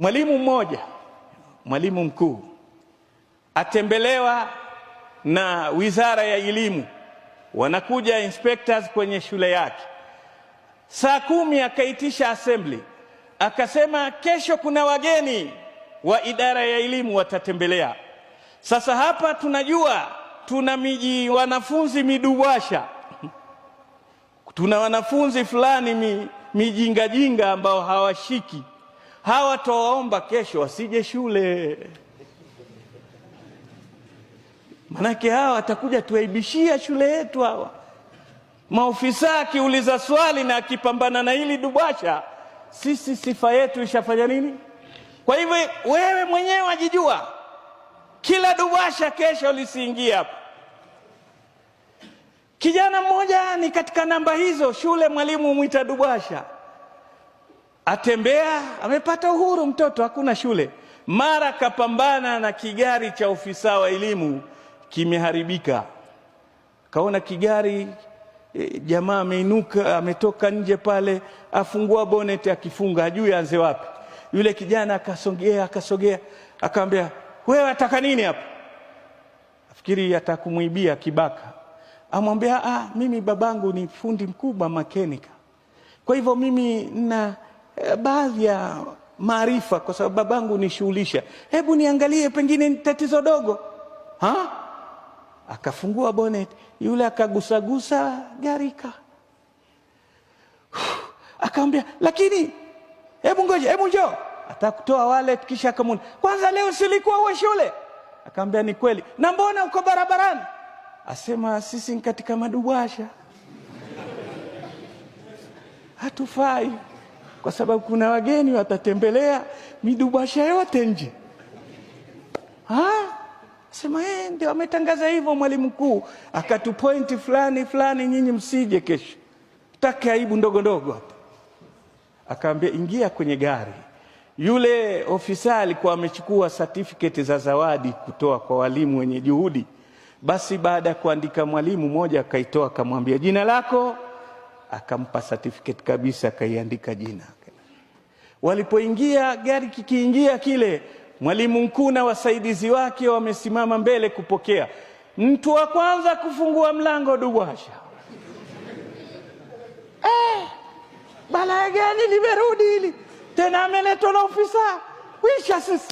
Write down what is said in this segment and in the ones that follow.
Mwalimu mmoja, mwalimu mkuu atembelewa na Wizara ya Elimu, wanakuja inspectors kwenye shule yake saa kumi, akaitisha assembly, akasema kesho kuna wageni wa idara ya elimu watatembelea. Sasa hapa tunajua tuna miji wanafunzi midubwasha, tuna wanafunzi fulani mijingajinga ambao hawashiki hawa tawaomba kesho wasije shule, manake hawa watakuja tuaibishia shule yetu. Hawa maofisa akiuliza swali na akipambana na hili dubasha, sisi sifa yetu ishafanya nini? Kwa hivyo wewe mwenyewe wajijua, kila dubasha kesho lisiingia hapa. Kijana mmoja ni katika namba hizo shule, mwalimu mwita dubasha atembea, amepata uhuru mtoto, hakuna shule. Mara kapambana na kigari cha ofisa wa elimu kimeharibika, kaona kigari e, jamaa ameinuka, ametoka nje pale, afungua boneti, akifunga hajui aanze wapi. Yule kijana akasogea, akasogea, akamwambia wewe ataka nini hapa? Afikiri atakumuibia kibaka, amwambia ah, mimi babangu ni fundi mkubwa makenika, kwa hivyo mimi nina Eh, baadhi ya maarifa, kwa sababu babangu nishughulisha, hebu niangalie, pengine ni tatizo dogo ha? Akafungua bonet, yule akagusagusa garika, akamwambia lakini, hebu ngoja, hebu njoo atakutoa wallet kisha akamwona, kwanza leo silikuwa uwe shule? Akamwambia ni kweli. Na mbona uko barabarani? Asema sisi ni katika madubasha hatufai kwa sababu kuna wageni watatembelea midubasha yote nje. Sema eh, ndio ametangaza hivyo mwalimu mkuu akatupointi fulani fulani, nyinyi msije kesho. Take aibu ndogo ndogo hapa. Akaambia ingia kwenye gari. Yule ofisa alikuwa amechukua certificate za zawadi kutoa kwa walimu wenye juhudi. Basi baada ya kuandika mwalimu mmoja akaitoa, akamwambia jina lako, akampa certificate kabisa, akaiandika jina Walipoingia gari kikiingia kile, mwalimu mkuu na wasaidizi wake wamesimama mbele kupokea. Mtu wa kwanza kufungua mlango Dubwasha. Eh, balaa gani limerudi hili tena? Ameletwa na ofisa wisha sisi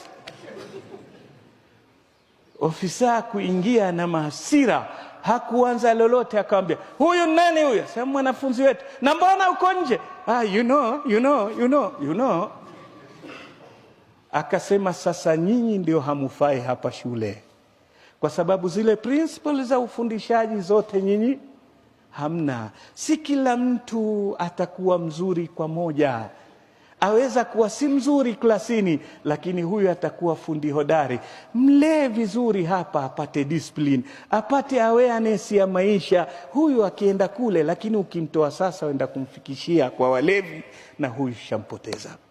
ofisa kuingia na maasira hakuanza lolote, akamwambia huyu nani huyu? Sema mwanafunzi wetu. Na mbona uko nje? Ah, you know, you know, you know, you know. Akasema sasa nyinyi ndio hamufai hapa shule, kwa sababu zile principles za ufundishaji zote nyinyi hamna. Si kila mtu atakuwa mzuri kwa moja aweza kuwa si mzuri klasini, lakini huyu atakuwa fundi hodari. Mlee vizuri hapa, apate discipline, apate awareness ya maisha. Huyu akienda kule, lakini ukimtoa sasa, wenda kumfikishia kwa walevi, na huyu shampoteza.